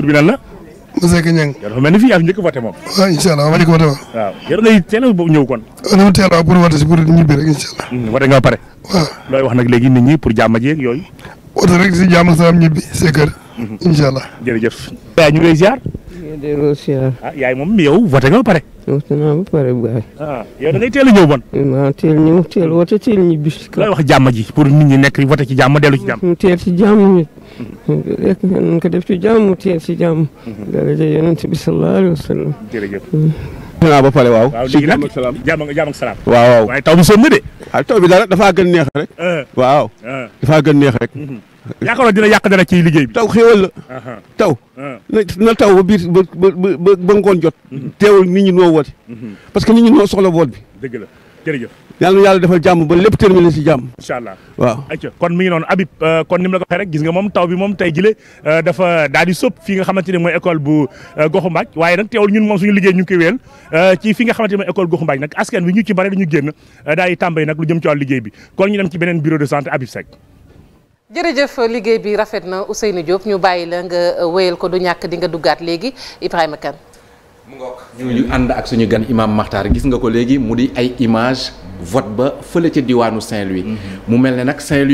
tur bi lan la. Moussa Gueye dafa mel ni fii yaa fi njëkk a voté moom. waaw ah, incha allah waaw yor ngay teel a ñëw kon. Ah, dama teel a pour voté si pour ñibbi rek incha allah. Hmm, voté nga ba looy wax nag léegi nit ñi pour jàmm yooyu. voté rek si jàmm ak ñibbi c'est kër. Hmm. jërëjëf. ah yaay moom yow voté nga ba pare. voté naa ba pare bu baax. ah yow da ngay a ñëw bon. waaw teel ñëw teel woote teel ñibbi. looy wax ji pour nit ñi nekk voté ci jàmm dellu ci jàmm. teel ci jàmm nit. rek nañ ko def ci jàmm ci jàmm. Hmm. daraja yonent bi sallallahu alayhi wa sallam. jërëjëf. Hmm. naa ba pare waaw. waaw léegi nag de. ah taw bi dara dafaa gën neex rek. Eh. waaw. Eh. dafaa gën neex rek. Mhm. yaakaaroon dina yàq dara ci liggéey bi. taw xéwal la. taw. Eh. na taw ba biir ba ba ba ngoon jot. Mhm. teewul nit ñi noo woote. Mhm. parce que nit ñi noo soxla woot bi. dëgg la. jërëjëf yàlla na yàlla defal jàmm ba lépp terminé si jàmm incha allah waaw ayca kon mi ngi noonu Habib euh, kon ni mu la ko waxee rek gis nga moom taw bi moom tey jile euh, dafa daal di sëpp fii nga xamante ne mooy école bu euh, Goxu Mbaaj waaye nag teewul ñun moom suñu liggéey ñu ngi koy wéel ci fi nga xamante ne mooy école Goxu Mbaaj nag askan bi ñu ci bare dañu génn daal di tàmbali nag lu jëm ci wàllu liggéey bi kon ñu dem ci beneen bureau de santé Habib Seck jërëjëf liggéey bi rafet na Ousseynou Diop ñu bàyyi la nga wéyal ko du ñàkk di nga duggaat léegi Ibrahima Kane ñooñu ànd ak suñu gan imam Makhtar gis nga ko léegi mu di ay image vote ba fële ca diwaanu Saint-Louis mm-hmm. mu mel ne nag Saint-Louis